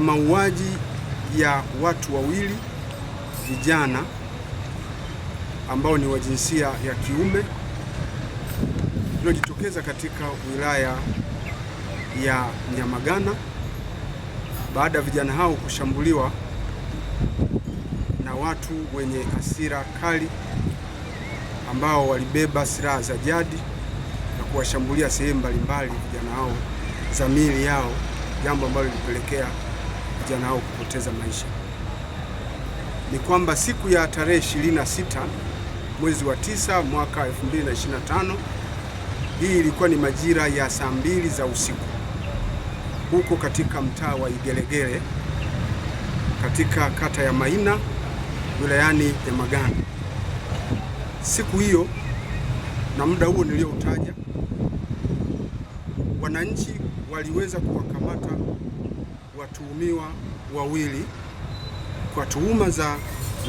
mauaji ya watu wawili vijana ambao ni wa jinsia ya kiume lilojitokeza katika wilaya ya Nyamagana baada ya vijana hao kushambuliwa na watu wenye hasira kali ambao walibeba silaha za jadi na kuwashambulia sehemu mbalimbali vijana hao za miili yao, jambo ambalo lilipelekea vijana hao kupoteza maisha ni kwamba siku ya tarehe 26 mwezi wa 9 mwaka 2025, hii ilikuwa ni majira ya saa mbili za usiku huko katika mtaa wa Igelegele katika kata ya Maina wilayani ya Magana. Siku hiyo na muda huo niliyoutaja wananchi waliweza kuwakamata watuhumiwa wawili kwa tuhuma za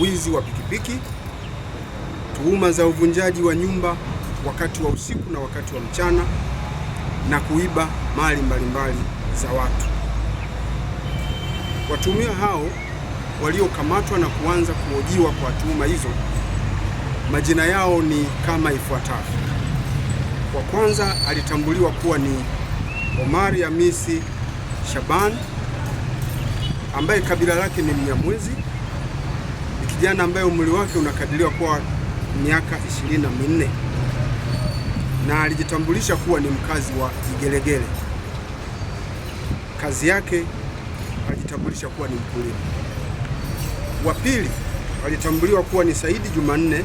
wizi wa pikipiki, tuhuma za uvunjaji wa nyumba wakati wa usiku na wakati wa mchana na kuiba mali mbalimbali za watu. Watuhumiwa hao waliokamatwa na kuanza kuhojiwa kwa tuhuma hizo, majina yao ni kama ifuatavyo. Wa kwanza alitambuliwa kuwa ni Omari Hamisi Shaban ambaye kabila lake ni Mnyamwezi, ni kijana ambaye umri wake unakadiriwa kuwa miaka ishirini na minne na alijitambulisha kuwa ni mkazi wa Igelegele. Kazi yake alijitambulisha kuwa ni mkulima. Wa pili alitambuliwa kuwa ni Saidi Jumanne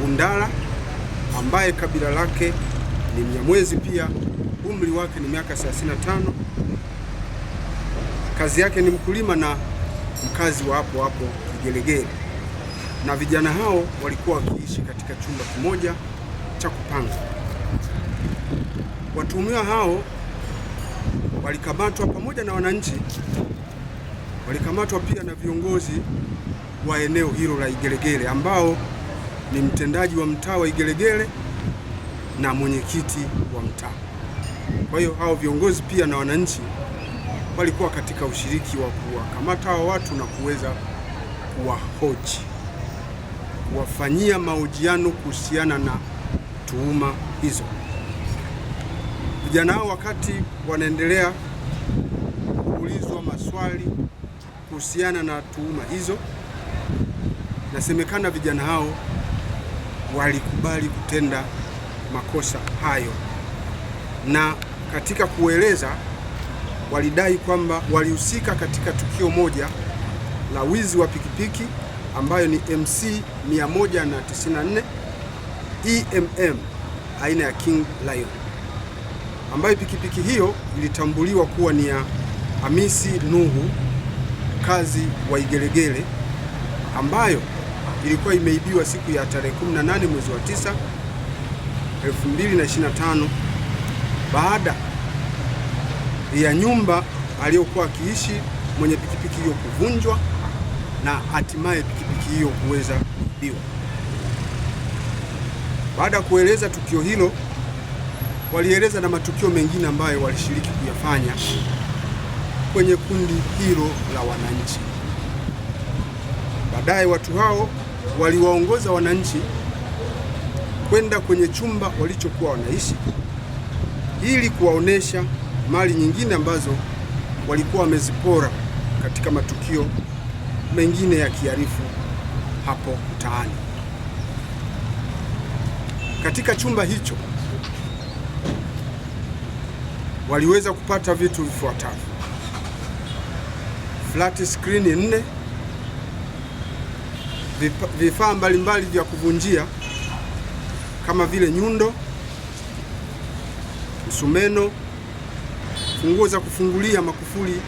Bundala ambaye kabila lake ni Mnyamwezi pia, umri wake ni miaka 35 kazi yake ni mkulima na mkazi wa hapo hapo Kigelegele, na vijana hao walikuwa wakiishi katika chumba kimoja cha kupanga. Watuhumiwa hao walikamatwa pamoja na wananchi, walikamatwa pia na viongozi wa eneo hilo la Igelegele ambao ni mtendaji wa mtaa wa Igelegele na mwenyekiti wa mtaa. Kwa hiyo hao viongozi pia na wananchi walikuwa katika ushiriki wa kuwakamata hao watu na kuweza kuwahoji, kuwafanyia mahojiano kuhusiana na tuhuma hizo. Vijana hao wakati wanaendelea kuulizwa maswali kuhusiana na tuhuma hizo, nasemekana vijana hao walikubali kutenda makosa hayo, na katika kueleza walidai kwamba walihusika katika tukio moja la wizi wa pikipiki ambayo ni MC 194 EMM aina ya King Lion ambayo pikipiki hiyo ilitambuliwa kuwa ni ya Hamisi Nuhu mkazi wa Igelegele ambayo ilikuwa imeibiwa siku ya tarehe 18 mwezi wa 9 2025 baada ya nyumba aliyokuwa akiishi mwenye pikipiki hiyo kuvunjwa na hatimaye pikipiki hiyo kuweza kuibiwa. Baada ya kueleza tukio hilo, walieleza na matukio mengine ambayo walishiriki kuyafanya kwenye kundi hilo la wananchi. Baadaye watu hao waliwaongoza wananchi kwenda kwenye chumba walichokuwa wanaishi ili kuwaonesha mali nyingine ambazo walikuwa wamezipora katika matukio mengine ya kiharifu hapo mtaani. Katika chumba hicho waliweza kupata vitu vifuatavyo: flat screen nne, vifaa mbalimbali vya kuvunjia kama vile nyundo, msumeno funguo za kufungulia makufuli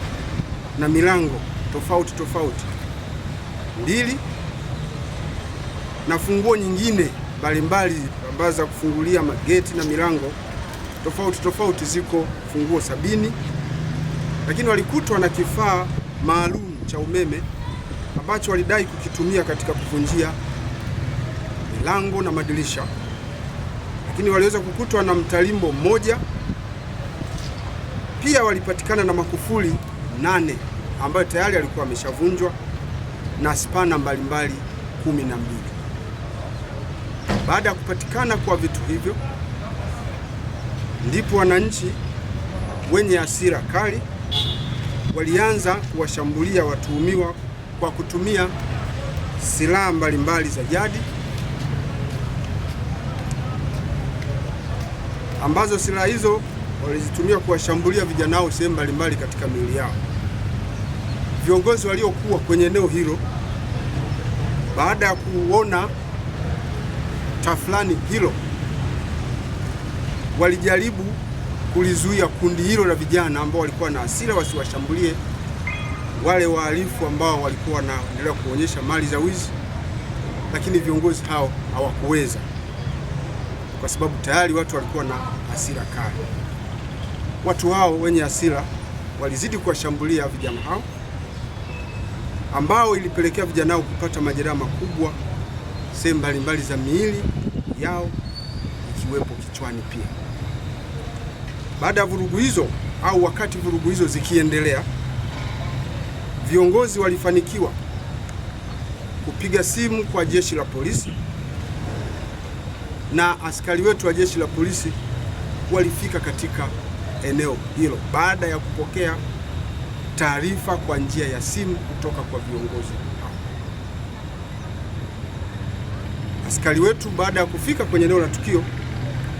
na milango tofauti tofauti mbili na funguo nyingine mbalimbali ambazo za kufungulia mageti na milango tofauti tofauti ziko funguo sabini, lakini walikutwa na kifaa maalum cha umeme ambacho walidai kukitumia katika kuvunjia milango na madirisha, lakini waliweza kukutwa na mtalimbo mmoja pia walipatikana na makufuli nane ambayo tayari alikuwa ameshavunjwa na spana mbalimbali kumi na mbili. Baada ya kupatikana kwa vitu hivyo, ndipo wananchi wenye hasira kali walianza kuwashambulia watuhumiwa kwa kutumia silaha mbalimbali za jadi ambazo silaha hizo walizitumia kuwashambulia vijana hao sehemu mbalimbali katika miili yao. Viongozi waliokuwa kwenye eneo hilo baada ya kuona tafulani hilo walijaribu kulizuia kundi hilo la vijana ambao walikuwa na hasira wasiwashambulie wale wahalifu ambao walikuwa wanaendelea kuonyesha mali za wizi, lakini viongozi hao hawakuweza kwa sababu tayari watu walikuwa na hasira kali watu hao wenye hasira walizidi kuwashambulia vijana hao ambao ilipelekea vijana hao kupata majeraha makubwa sehemu mbalimbali za miili yao ikiwepo kichwani pia. Baada ya vurugu hizo au wakati vurugu hizo zikiendelea, viongozi walifanikiwa kupiga simu kwa jeshi la polisi na askari wetu wa jeshi la polisi walifika katika eneo hilo baada ya kupokea taarifa kwa njia ya simu kutoka kwa viongozi hao. Askari wetu baada ya kufika kwenye eneo la tukio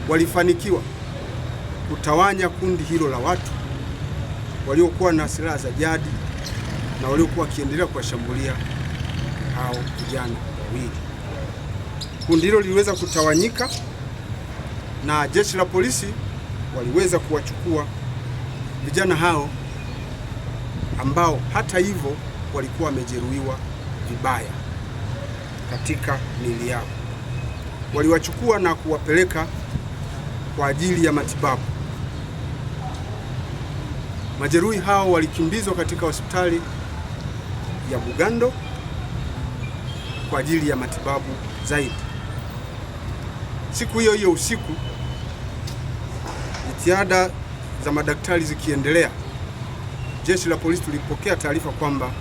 walifanikiwa kutawanya kundi hilo la watu waliokuwa na silaha za jadi na waliokuwa wakiendelea kuwashambulia hao vijana wawili. Kundi hilo liliweza kutawanyika na jeshi la polisi waliweza kuwachukua vijana hao ambao hata hivyo walikuwa wamejeruhiwa vibaya katika miili yao. Waliwachukua na kuwapeleka kwa ajili ya matibabu. Majeruhi hao walikimbizwa katika hospitali ya Bugando kwa ajili ya matibabu zaidi. Siku hiyo hiyo usiku Jitihada za madaktari zikiendelea, jeshi la polisi tulipokea taarifa kwamba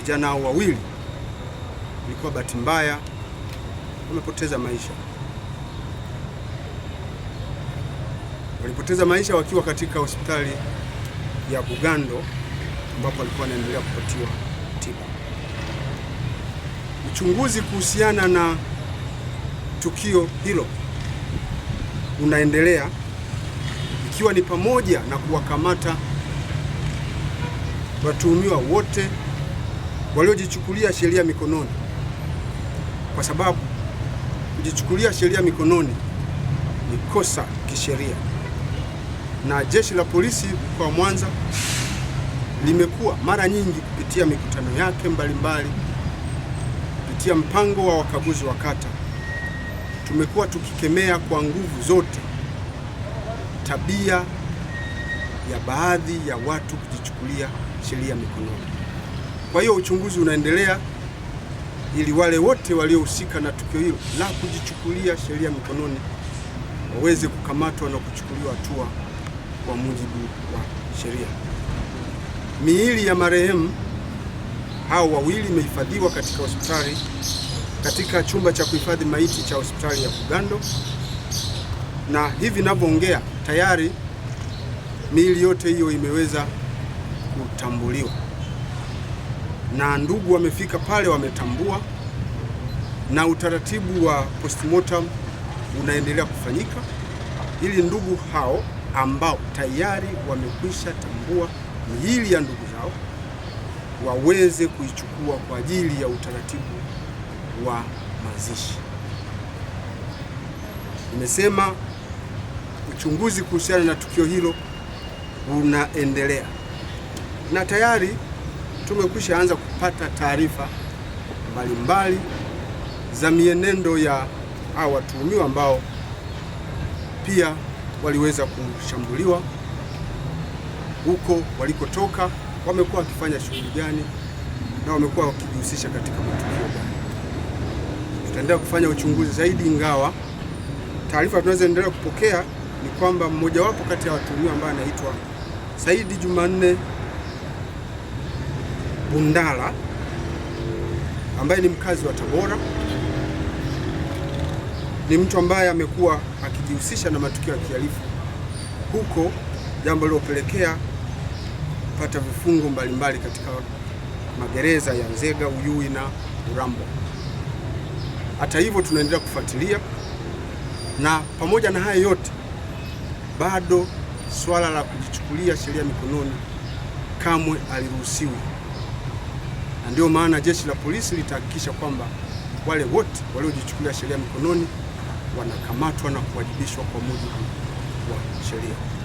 vijana hao wawili ilikuwa bahati mbaya wamepoteza maisha. Walipoteza maisha wakiwa katika hospitali ya Bugando ambapo walikuwa wanaendelea kupatiwa tiba. Uchunguzi kuhusiana na tukio hilo unaendelea ikiwa ni pamoja na kuwakamata watuhumiwa wote waliojichukulia sheria mikononi, kwa sababu kujichukulia sheria mikononi ni kosa kisheria, na jeshi la polisi mkoa wa Mwanza limekuwa mara nyingi kupitia mikutano yake mbalimbali, kupitia mpango wa wakaguzi wa kata, tumekuwa tukikemea kwa nguvu zote tabia ya baadhi ya watu kujichukulia sheria mikononi. Kwa hiyo uchunguzi unaendelea ili wale wote waliohusika na tukio hilo la kujichukulia sheria mikononi waweze kukamatwa na kuchukuliwa hatua kwa mujibu wa sheria. Miili ya marehemu hao wawili imehifadhiwa katika hospitali katika chumba cha kuhifadhi maiti cha hospitali ya Bugando na hivi ninavyoongea tayari miili yote hiyo imeweza kutambuliwa na ndugu wamefika pale, wametambua na utaratibu wa postmortem unaendelea kufanyika ili ndugu hao ambao tayari wamekwisha tambua miili ya ndugu zao waweze kuichukua kwa ajili ya utaratibu wa mazishi. Nimesema uchunguzi kuhusiana na tukio hilo unaendelea na tayari tumekwisha anza kupata taarifa mbalimbali za mienendo ya hawa watuhumiwa ambao pia waliweza kushambuliwa huko walikotoka, wamekuwa wakifanya shughuli gani na wamekuwa wakijihusisha katika matukio gani. Tutaendelea kufanya uchunguzi zaidi, ingawa taarifa tunazoendelea kupokea ni kwamba mmojawapo kati ya watuhumiwa ambaye anaitwa Saidi Jumanne Bundala ambaye ni mkazi wa Tabora ni mtu ambaye amekuwa akijihusisha na matukio ya kihalifu huko, jambo lilopelekea kupata vifungo mbalimbali katika magereza ya Nzega, Uyui na Urambo. Hata hivyo, tunaendelea kufuatilia na pamoja na haya yote bado swala la kujichukulia sheria mikononi kamwe aliruhusiwi, na ndio maana jeshi la polisi litahakikisha kwamba wale wote waliojichukulia sheria mikononi wanakamatwa na kuwajibishwa kwa mujibu wa sheria.